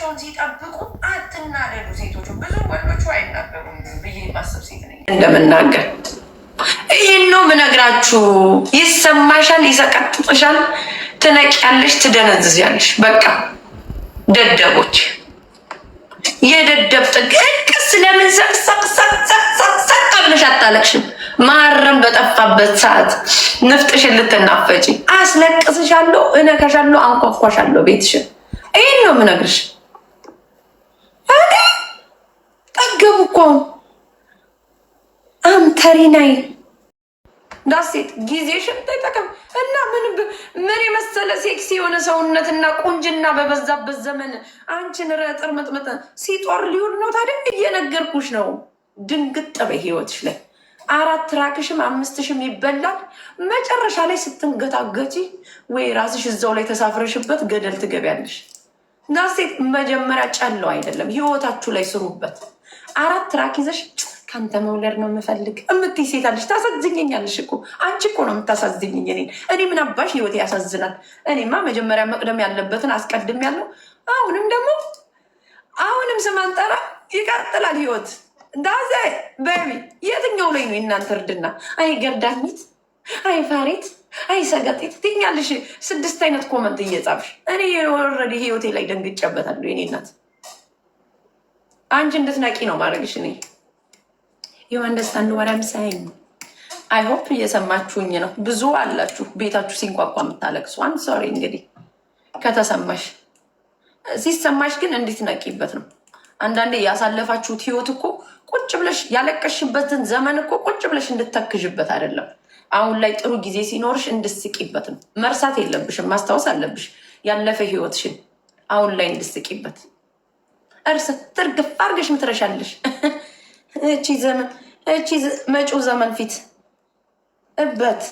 ትዳራቸውን ሲጠብቁ አትናደዱ ሴቶች። ብዙ ወንዶቹ አይናገሩም ብዬ ማሰብ ሴት ነኝ እንደምናገር ይህን ነው ምነግራችሁ። ይሰማሻል፣ ይሰቀጥጥሻል፣ ትነቂያለሽ፣ በቃ ደደቦች፣ የደደብ ጥግ ለምን ሰቅሰቅሰቅሰቅሰቅ ብለሽ አታለቅሽም? ማረም በጠፋበት ሰዓት ንፍጥሽን ልትናፈጪ አስለቅስሻለሁ፣ እነካሻለሁ፣ አንኳኳሻለሁ ቤትሽን። ይህን ነው ምነግርሽ። ጠገቡ እኮ አምተሪናይ ዳሴት ጊዜሽን ተጠቀም እና ምን ምን የመሰለ ሴክሲ የሆነ ሰውነትና ቁንጅና በበዛበት ዘመን አንቺን ረጥር መጥመጠ ሲጦር ሊሆን ነው። ታዲያ እየነገርኩሽ ነው። ድንግጥ በህይወትሽ ላይ አራት ራክሽም አምስትሽም ይበላል። መጨረሻ ላይ ስትንገታገቺ ወይ ራስሽ እዛው ላይ ተሳፍረሽበት ገደል ትገቢያለሽ። ጋዜት መጀመሪያ ጨለው አይደለም፣ ህይወታችሁ ላይ ስሩበት። አራት ትራክ ይዘሽ ከአንተ መውለድ ነው የምፈልግ እምትይ ሴት አለሽ። ታሳዝኘኛለሽ እኮ አንቺ እኮ ነው የምታሳዝኝኝ። እኔ እኔ ምን አባሽ ህይወት ያሳዝናል? እኔማ መጀመሪያ መቅደም ያለበትን አስቀድም ያለው አሁንም ደግሞ አሁንም ስማንጠራ ይቀጥላል ህይወት ዳዘ በቢ የትኛው ላይ ነው የእናንተ እርድና? አይ ገርዳኝት አይ ፋሬት አይ ሰገጥ ትኛለሽ፣ ስድስት አይነት ኮመንት እየጻፍሽ እኔ ወረድ ህይወቴ ላይ ደንግጬበታለሁ። የኔ እናት አንቺ እንድትነቂ ነው ማድረግሽ። እኔ ይኸው አንደርስታንድ ወራም ሳይን አይ ሆፕ እየሰማችሁኝ ነው። ብዙ አላችሁ ቤታችሁ ሲንቋቋ የምታለቅሱ አን ሶሪ እንግዲህ ከተሰማሽ ሲሰማሽ ግን ነቂበት ነው። አንዳንዴ ያሳለፋችሁት ህይወት እኮ ቁጭ ብለሽ ያለቀሽበትን ዘመን እኮ ቁጭ ብለሽ እንድተክዥበት አይደለም አሁን ላይ ጥሩ ጊዜ ሲኖርሽ እንድስቂበት ነው። መርሳት የለብሽም፣ ማስታወስ አለብሽ ያለፈ ህይወትሽን አሁን ላይ እንድስቂበት። እርስ ትርግፍ አርገሽ ምትረሻለሽ። እቺ ዘመን እቺ መጪው ዘመን ፊት እበት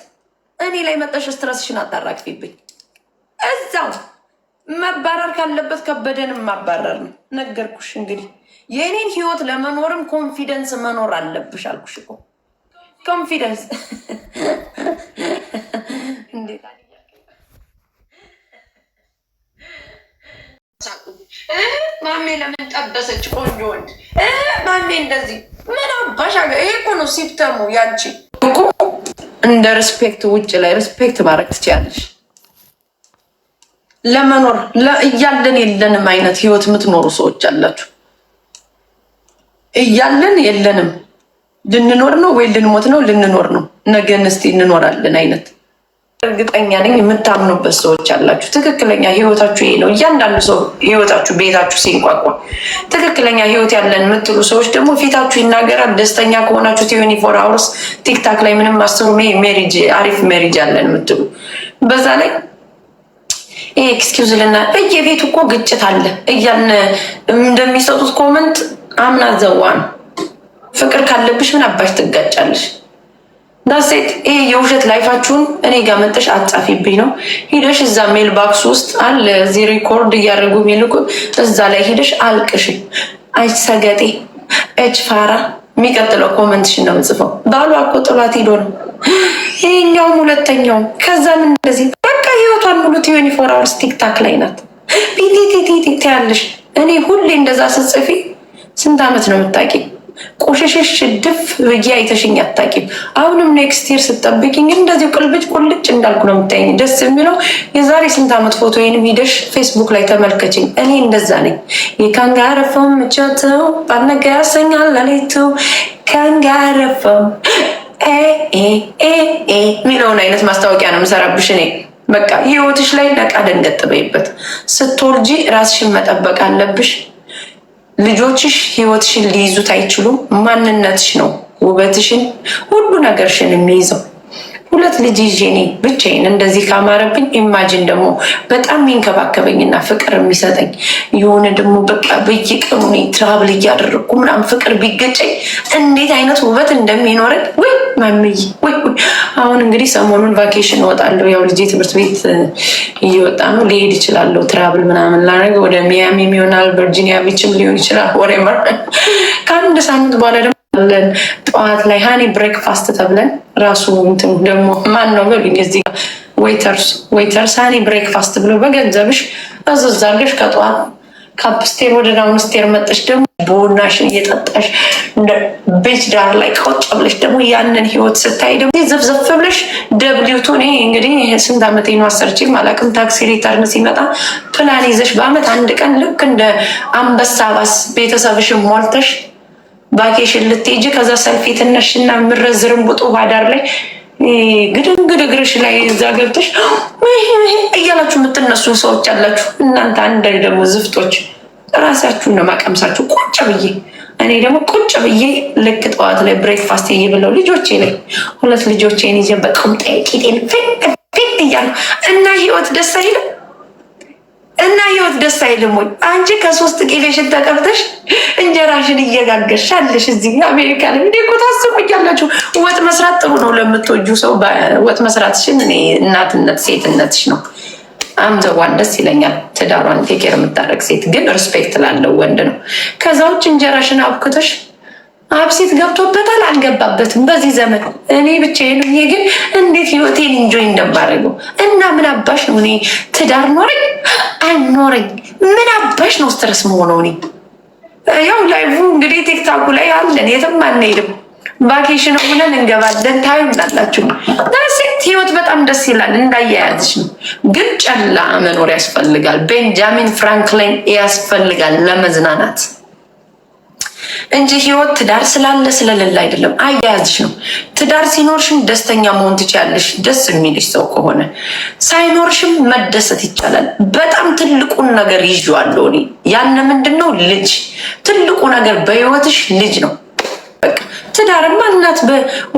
እኔ ላይ መጠሽ ስትረስሽን አታራግፊብኝ። እዛው መባረር ካለበት ከበደንም ማባረር ነው። ነገርኩሽ እንግዲህ የእኔን ህይወት ለመኖርም ኮንፊደንስ መኖር አለብሽ አልኩሽ እኮ ኮንፊደንስ ማሜ ለምን ጠበሰች? ቆንጆ ወንድ ማሜ እንደዚህ ምን አባሻ ይሄ እኮ ነው ሲፕተሙ። ያንቺ እንደ ሪስፔክት ውጭ ላይ ሪስፔክት ማድረግ ትችያለሽ። ለመኖር እያለን የለንም አይነት ህይወት የምትኖሩ ሰዎች አላችሁ። እያለን የለንም ልንኖር ነው ወይ ልንሞት ነው? ልንኖር ነው። ነገን እስቲ እንኖራለን አይነት እርግጠኛ ነኝ የምታምኑበት ሰዎች አላችሁ። ትክክለኛ ህይወታችሁ ይሄ ነው። እያንዳንዱ ሰው ህይወታችሁ ቤታችሁ ሲንቋቋ ትክክለኛ ህይወት ያለን የምትሉ ሰዎች ደግሞ ፊታችሁ ይናገራል። ደስተኛ ከሆናችሁ ዩኒፎር አውርስ ቲክታክ ላይ ምንም አስሩ ሜሪጅ አሪፍ ሜሪጅ አለን የምትሉ በዛ ላይ ይሄ ኤክስኪውዝ ልና በየቤቱ እኮ ግጭት አለ እያልን እንደሚሰጡት ኮመንት አምና ዘዋ ነው ፍቅር ካለብሽ ምን አባሽ ትጋጫለሽ? ዳሴት ይሄ የውሸት ላይፋችሁን እኔ ጋር መጠሽ አጻፊብኝ ነው። ሂደሽ እዛ ሜል ባክስ ውስጥ አለ እዚህ ሪኮርድ እያደረጉ ሚልኩ እዛ ላይ ሂደሽ አልቅሽ። አይች ሰገጤ እች ፋራ። የሚቀጥለው ኮመንትሽን ነው ምጽፈው። ባሏ እኮ ጥሏት ሂዶ ነው ይሄኛውም ሁለተኛውም። ከዛም እንደዚህ በቃ ህይወቷን ሙሉ ትዌንቲ ፎር አወርስ ቲክታክ ላይ ናት። ቲቲቲቲ ያለሽ እኔ ሁሌ እንደዛ ስጽፊ ስንት አመት ነው የምታውቂ? ቆሸሸሽ ድፍ ብዬ አይተሽኝ አታቂም። አሁንም ኔክስት ይር ስጠብቅኝ እንደዚሁ ቅልብጭ ቁልጭ እንዳልኩ ነው የምታይኝ። ደስ የሚለው የዛሬ ስንት ዓመት ፎቶ ወይንም ሂደሽ ፌስቡክ ላይ ተመልከችኝ። እኔ እንደዛ ነኝ። የካንጋረፈው ምቸተው ባነጋ ያሰኛል ለሌተው ካንጋረፈው ሚለውን አይነት ማስታወቂያ ነው የምሰራብሽ እኔ በቃ ህይወትሽ ላይ ነቃ ደንገጥበይበት። በይበት። ስትወልጂ ራስሽን መጠበቅ አለብሽ። ልጆችሽ ህይወትሽን ሊይዙት አይችሉም። ማንነትሽ ነው ውበትሽን፣ ሁሉ ነገርሽን የሚይዘው። ሁለት ልጅ ይዤ እኔ ብቻዬን እንደዚህ ካማረብኝ፣ ኢማጅን ደግሞ በጣም የሚንከባከበኝና ፍቅር የሚሰጠኝ የሆነ ደግሞ በቃ በየቀኑ እኔ ትራብል እያደረግኩ ምናምን ፍቅር ቢገጨኝ እንዴት አይነት ውበት እንደሚኖረኝ ወይ ማምይ ወይ አሁን እንግዲህ ሰሞኑን ቫኬሽን እወጣለሁ። ያው ልጄ ትምህርት ቤት እየወጣ ነው። ሊሄድ ይችላለሁ ትራብል ምናምን ላደርግ ወደ ሚያሚ ይሆናል ቨርጂኒያ ቢችም ሊሆን ይችላል ወሬመር ከአንድ ሳምንት በኋላ ደግሞ አለን ጠዋት ላይ ሃኒ ብሬክፋስት ተብለን ራሱ እንትን ደግሞ ማን ነው በሉኝ እዚህ ዌይተርስ ዌይተርስ ሀኒ ብሬክፋስት ብሎ በገንዘብሽ አዘዝ አድርገሽ ከጠዋት ከአፕስቴር ወደ ዳውንስቴር መጠሽ ደግሞ ቡናሽን እየጠጣሽ ቤት ዳር ላይ ቆጭ ብለሽ ደግሞ ያንን ህይወት ስታይ ደግሞ ዘፍዘፍ ብለሽ ደብሊውቱ እኔ እንግዲህ ስንት ዓመት ነው አሰርቼ አላውቅም። ታክሲ ሪተርን ሲመጣ ፕላን ይዘሽ በአመት አንድ ቀን ልክ እንደ አንበሳ ባስ ቤተሰብሽን ሞልተሽ ቫኬሽን ልትሄጂ ከዛ ሰልፊ ትነሽና የምረዝርን ቡጡ ባዳር ላይ ግድንግድ እግርሽ ላይ እዛ ገብተሽ እያላችሁ የምትነሱ ሰዎች አላችሁ። እናንተ አንድ ደግሞ ዝፍቶች ራሳችሁን ነው ማቀምሳችሁ። ቁጭ ብዬ እኔ ደግሞ ቁጭ ብዬ ልክ ጠዋት ላይ ብሬክፋስት ይ ብለው ልጆቼ ላይ ሁለት ልጆቼን ይዤ በጣም ጠያቂ ፊት ፊት እያሉ እና ህይወት ደስ አይልም። እና ህይወት ደስ አይልም ወይ? አንቺ ከሶስት ቂቤሽን ተቀብተሽ እንጀራሽን እየጋገሽ አለሽ እዚህ አሜሪካ ላይ እንዴ እኮ ታስቡኛላችሁ። ወጥ መስራት ጥሩ ነው ለምትወጁ ሰው ወጥ መስራትሽን እኔ እናትነት ሴትነትሽ ነው አምዘዋን ደስ ይለኛል። ትዳሯን ቴኬር የምታደረግ ሴት ግን ሪስፔክት ላለው ወንድ ነው። ከዛ ውጭ እንጀራሽን አብክቶሽ አብሴት ገብቶበታል አልገባበትም። በዚህ ዘመን እኔ ብቻዬን ሆኜ ግን እንዴት ህይወቴን እንጆይ እንደማደርገው እና ምን አባሽ ነው እኔ ትዳር ኖረኝ አልኖረኝ ምን አባሽ ነው ስትረስ መሆነው። እኔ ያው ላይቭ እንግዲህ ቲክታኩ ላይ አለን፣ የትም አንሄድም። ቫኬሽን ሆነን እንገባለን። ታዩ እንዳላችሁ ሴት ህይወት በጣም ደስ ይላል። እንዳያያዝሽ ነው ግን ጨላ መኖር ያስፈልጋል። ቤንጃሚን ፍራንክሊን ያስፈልጋል ለመዝናናት እንጂ ህይወት ትዳር ስላለ ስለሌለ አይደለም፣ አያያዝሽ ነው። ትዳር ሲኖርሽም ደስተኛ መሆን ትችያለሽ፣ ደስ የሚልሽ ሰው ከሆነ። ሳይኖርሽም መደሰት ይቻላል። በጣም ትልቁን ነገር ይዤዋለሁ እኔ። ያን ምንድን ነው? ልጅ። ትልቁ ነገር በህይወትሽ ልጅ ነው። ትዳርማ እናት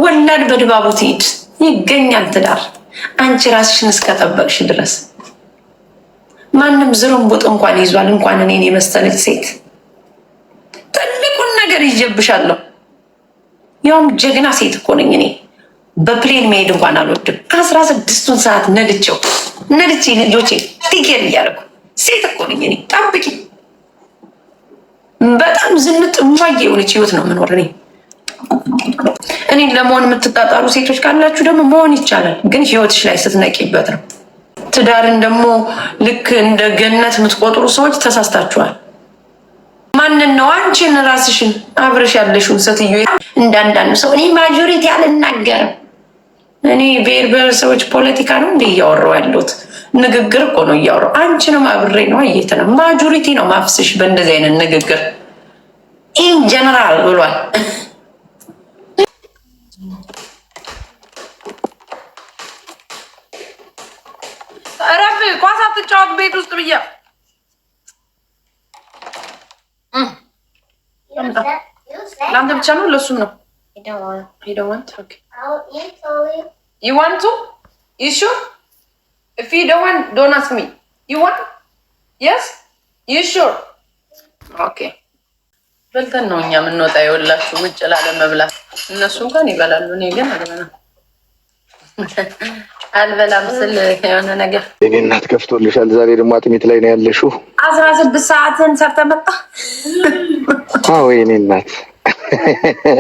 ወላድ በድባቡ ትሂድ፣ ይገኛል ትዳር አንቺ ራስሽን እስከጠበቅሽ ድረስ ማንም ዝርንቡጥ እንኳን ይዟል፣ እንኳን እኔን የመሰለች ሴት። ነገር ይዤብሻለሁ። ያውም ጀግና ሴት እኮ ነኝ እኔ። በፕሌን መሄድ እንኳን አልወድም። ከአስራ ስድስቱን ሰዓት ነድቼው ነድቼ ልጆቼ ቲኬት እያደረኩ ሴት እኮ ነኝ እኔ። ጠብቂ። በጣም ዝንጥ ማየ የሆነች ህይወት ነው የምኖር እኔ። ለመሆን የምትጣጣሩ ሴቶች ካላችሁ ደግሞ መሆን ይቻላል፣ ግን ህይወትሽ ላይ ስትነቂበት ነው። ትዳርን ደግሞ ልክ እንደ ገነት የምትቆጥሩ ሰዎች ተሳስታችኋል። ማንን ነው? አንቺን ራስሽን አብረሽ ያለሽውን ሴትዮ። እንዳንዳንዱ ሰው እኔ ማጆሪቲ አልናገርም። እኔ ብሔር ብሔረሰቦች ፖለቲካ ነው እንዲ እያወራው ያለሁት ንግግር እኮ ነው እያወራው። አንቺንም አብሬ ነው አየት ነው ማጆሪቲ ነው ማፍስሽ በእንደዚህ አይነት ንግግር ኢን ጀነራል ብሏል። ረብ ኳስ አትጫወት ቤት ውስጥ ብያ ለአንተ ብቻ ነው ለሱም ነው? ይዋንቱ ይሹ ፊ ደዋን ዶናት ሚ ይዋን የስ ይሹር ኦኬ። በልተን ነው እኛ የምንወጣ የወላችሁ ውጭ ላለመብላት እነሱ እንኳን ይበላሉ። እኔ ግን አልበላም። አልበላም ስል የሆነ ነገር እኔ እናት ከፍቶልሻል። ዛሬ ደግሞ አጥሚት ላይ ነው ያለሽው። አስራ ስድስት ሰዓትን ሰርተ መጣ አዎ የኔ እናት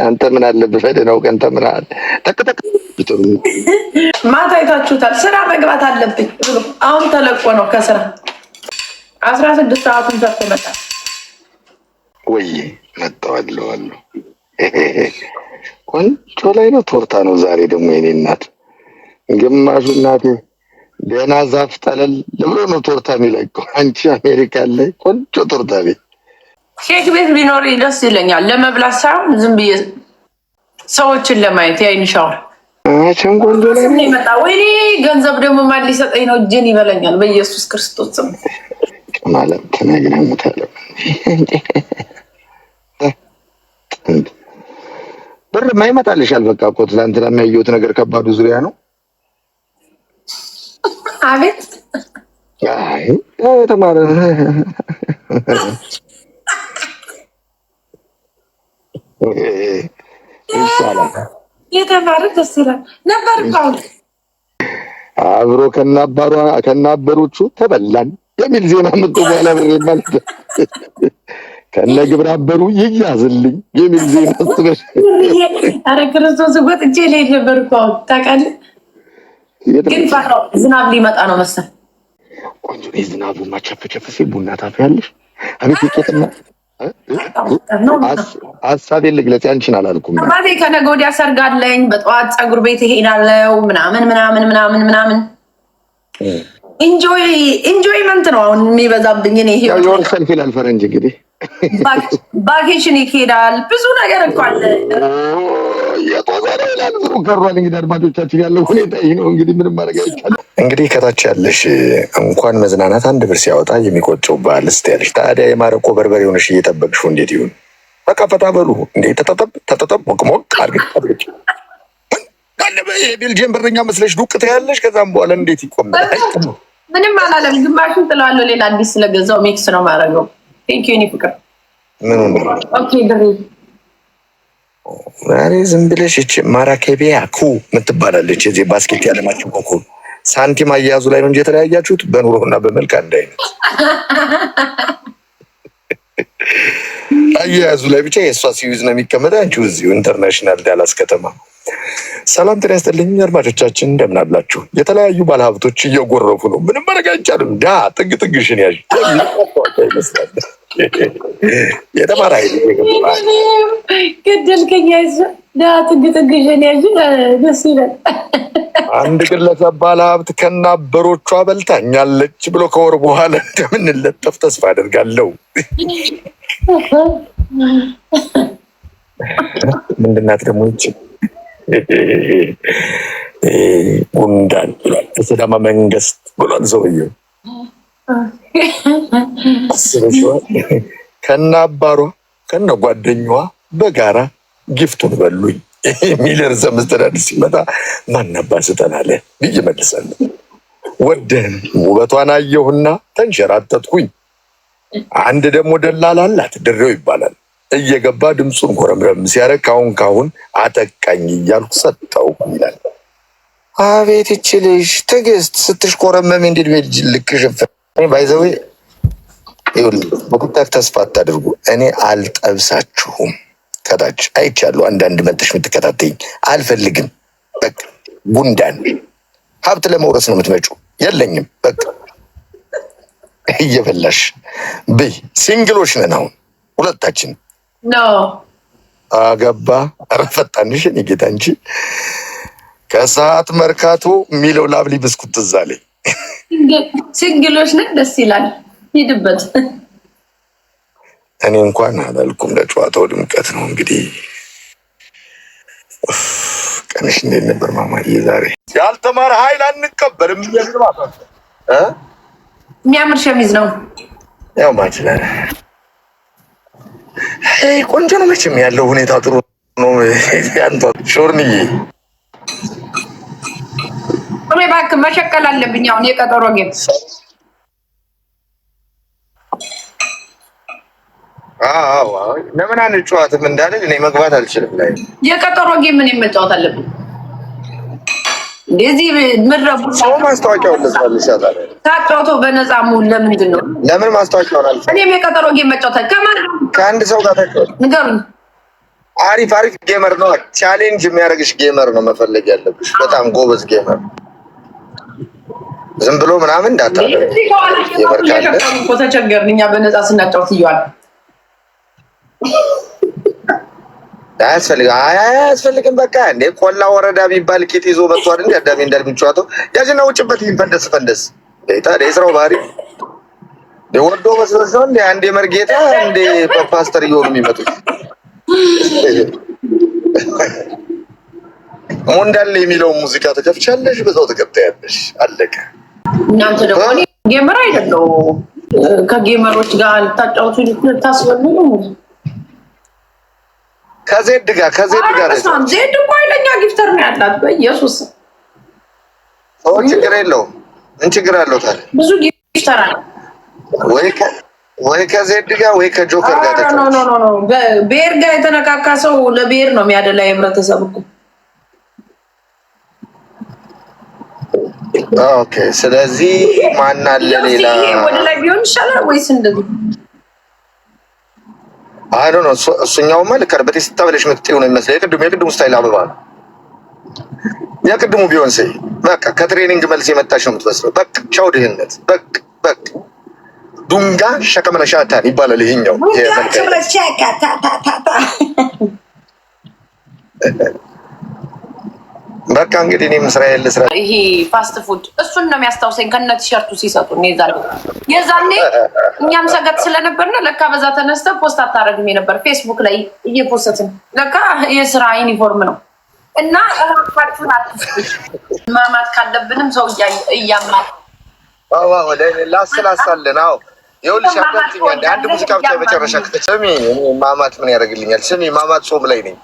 አንተ ምን አለብህ ፈደነው ቀን ተምናል። ጠቅጠቅ ማታ አይታችሁታል። ስራ መግባት አለብኝ። አሁን ተለቆ ነው ከስራ አስራ ስድስት ሰዓቱን ሰርተህ መጣ። ወይ? መጣዋለሁ ቆንጆ ላይ ነው ቶርታ ነው ዛሬ ደግሞ የኔ እናት ግማሹ እናቴ ደህና ዛፍ ጠለል ብሎ ነው ቶርታ የሚለቀው። አንቺ አሜሪካ ላይ ቆንጆ ቶርታ ቤት ኬክ ቤት ቢኖር ደስ ይለኛል። ለመብላት ሳይሆን ዝም ብዬ ሰዎችን ለማየት የአይን ቸን ቆንጆ ይመጣ። ወይኔ ገንዘብ ደግሞ ማን ሊሰጠኝ ነው? እጅን ይበለኛል። በኢየሱስ ክርስቶስ ስም ማለት ተነግረሙታለ ብር ማይመጣልሻል። በቃ እኮ ትናንትና የሚያየሁት ነገር ከባዱ ዙሪያ ነው። አቤት ተማረ የተማረ ደስ ይላል ነበር። አብሮ ከናባሩ ከናበሮቹ ተበላን የሚል ዜና በኋላ ብሬ ማለት ከነ ግብረ አበሩ ይያዝልኝ የሚል ዜና ክርስቶስ ነበር ታውቃለህ ግን ዝናብ ሊመጣ ነው መሰል ቆንጆ የዝናቡ ማቸፍቸፍ ሲል ቡና ታፊያለሽ። አቤት ውጤትና ሀሳቤን ልግለጽ። አንቺን አላልኩም። ማለቴ ከነገ ወዲያ ሰርግ አለኝ። በጠዋት ፀጉር ቤት እሄዳለሁ ምናምን ምናምን ምናምን ምናምን ኢንጆይመንት ነው አሁን የሚበዛብኝ። እኔ ሰልፍ ይላል ፈረንጅ እንግዲህ ይሄዳል ብዙ ነገር እኮ አለ እንግዲህ አድማጮቻችን ያለው ሁኔታ ይህ ነው። እንግዲህ ምንም ማድረግ አይቻልም። እንግዲህ ከታች ያለሽ እንኳን መዝናናት አንድ ብር ሲያወጣ የሚቆጨው ባል ስት ያለሽ ታዲያ የማረቆ በርበሬ ሆነሽ እየጠበቅሽው እንዴት ይሁን? በቃ ፈታ በሉ እንዴ! ተጠጠብ ተጠጠብ ሞቅሞቅ ይሄ ቤልጅየም በረኛ መስለሽ ዱቅ ትያለሽ። ከዛም በኋላ እንዴት ይቆማል? ምንም አላለም። ግማሹን ጥለዋለሁ። ሌላ አዲስ ስለገዛው ሚክስ ነው ማድረገው። ቴንክ ዩ ፍቅር። ዛሬ ዝም ብለሽ እች ማራኬቢያ ኩ ምትባላለች እዚህ ባስኬት ያለማቸው ኮንኩል ሳንቲም አያያዙ ላይ ነው እንጂ የተለያያችሁት በኑሮና በመልክ አንድ አይነት አያያዙ ላይ ብቻ የእሷ ሲዩዝ ነው የሚቀመጠ አንቺ እዚሁ ኢንተርናሽናል ዳላስ ከተማ። ሰላም ጤና ይስጥልኝ አድማጮቻችን፣ እንደምን አላችሁ? የተለያዩ ባለሀብቶች እየጎረፉ ነው። ምንም መረጋ አይቻልም። ዳ ጥግ ጥግሽን ያዥ ይመስላል። የተማረ ኃይል ገደልከኛ ጥግ ጥግ ያዥ ደስ ይላል። አንድ ግለሰብ ባለ ሀብት ከናበሮቿ በልታኛለች ብሎ ከወር በኋላ እንደምንለጠፍ ተስፋ አደርጋለሁ። ምንድናት ደግሞ ይች ጉንዳን ብሏል። በሲዳማ መንግስት ብሏል ሰውየው አስበሽዋል። ከናባሯ ከነ ጓደኛዋ በጋራ ጊፍቱን በሉኝ የሚል ርዕሰ መስተዳድር ሲመጣ ማናባ ስጠናለ ብዬ መልሰል ወደህን ውበቷን አየሁና ተንሸራተትኩኝ። አንድ ደግሞ ደላላ አላት፣ ድሬው ይባላል። እየገባ ድምፁን ጎረምረም ሲያደርግ ካሁን ካሁን አጠቃኝ እያልኩ ሰጠው ይላል። አቤት ይችልሽ ትዕግስት ስትሽኮረመም እንዴት ቤት ልክ ባይዘዌ ይሁል በኩታክ ተስፋ አታድርጉ። እኔ አልጠብሳችሁም ከታች አይቻሉ አንዳንድ መጥሽ የምትከታተኝ አልፈልግም። በቃ ጉንዳን ሀብት ለመውረስ ነው የምትመጩ። የለኝም በቃ እየበላሽ ብይ። ሲንግሎች ነን አሁን ሁለታችን። አገባ ረፈጣንሽ እኔ ጌታ እንጂ ከሰዓት መርካቶ የሚለው ላብሊ ብስኩት እዛ ላይ ሲንግሎች ነን። ደስ ይላል። ሂድበት እኔ እንኳን አላልኩም። ለጨዋታው ድምቀት ነው እንግዲህ። ቀንሽ እንዴት ነበር ማማዬ? ዛሬ ያልተማረ ኃይል አንቀበልም። የሚያምር ሸሚዝ ነው ያው ማችለን ቆንጆ ነው። መቼም ያለው ሁኔታ ጥሩ ነው። ያንተ ሾርንዬ እኔ እባክህ መሸቀል አለብኝ። አሁን የቀጠሮ ጌም አዎ ለምን አንጨዋትም እንዳለን እኔ መግባት አልችልም። ላይ የቀጠሮ ጌም ምን መጫወት አለብን? እንደዚህ ምድረቡ ሰው ማስታወቂያውን ለዛ ይሰጣል። ታጫውቶ በነፃ ሙሉ ለምንድን ነው? ለምን ማስታወቂያውን አልፍ እኔም የቀጠሮ ጌም መጫወት ከማን ከአንድ ሰው ጋር ታጫወት ንገሩኝ። አሪፍ አሪፍ ጌመር ነው። ቻሌንጅ የሚያደርግሽ ጌመር ነው መፈለግ ያለብሽ። በጣም ጎበዝ ጌመር ዝም ብሎ ምናምን እንዳታለ ጌመር ካለ ተቸገርን እኛ በነፃ ስናጫውት እያዋል አያስፈልግም አያስፈልግም። በቃ እንደ ቆላ ወረዳ የሚባል ቂጥ ይዞ መጥቷል። እንደ አዳሚ እንዳልምንጫዋተው ያጅና ውጭበት ይፈንደስ ፈንደስ የስራው ባህሪ ወዶ መስሎት ነው። እንደ አንዴ መርጌታ እንዴ ፓስተር እየሆኑ የሚመጡት ሞንዳል የሚለውን ሙዚቃ ተከፍቻለሽ፣ በዛው ተገብታያለሽ። አለቀ። እናንተ ደግሞ ጌመር አይደለው ከጌመሮች ጋር ልታጫውቱ ልታስበሉ ነው ከዜድ ጋር ከዜድ ጋር ዜድ እኮ አይለኛ ጊፍተር ነው ያላት። በኢየሱስ ኦ ችግር የለውም። ምን ችግር አለው ታዲያ? ብዙ ጊፍተር አለ ወይ ከ ወይ ከዜድ ጋር ወይ ከጆከር ጋር ኖ ኖ ኖ ኖ ብሔር ጋር የተነካካ ሰው ለብሔር ነው የሚያደላ የህብረተሰብ እኮ ኦኬ። ስለዚህ ማን አለ ሌላ ወደ ላይ ቢሆን ይሻላል ወይስ እንደዚህ አይ ነው። እሱኛውማ ልክ በጤ ስታበለሽ የምትጤው ነው የሚመስለው። የቅድሙ የቅድሙ ስታይል አበባ ነው። የቅድሙ ቢዮንሴ በቃ ከትሬኒንግ መልስ የመጣሽ ነው የምትመስለው። በቃ ቻው ድህነት። በቃ በቃ ዱንጋ ሸከመነ ሻታን ይባላል ይሄኛው ታ ታ ታ በቃ እንግዲህ እኔም ስራ የለ ስራ ይሄ ፋስት ፉድ እሱን ነው የሚያስታውሰኝ። ከነ ቲሸርቱ ሲሰጡ ዛ የዛኔ እኛም ሰገጥ ስለነበርና ለካ በዛ ተነስተ ፖስት አታረግም የነበር ፌስቡክ ላይ እየፖስትን ለካ የስራ ዩኒፎርም ነው እና ማማት ካለብንም ሰው እያማ ላስላሳለን። አዎ ይኸውልሽ አንድ ሙዚቃ ብቻ የመጨረሻ ስሚ። ማማት ምን ያደርግልኛል? ስሚ ማማት ጾም ላይ ነኝ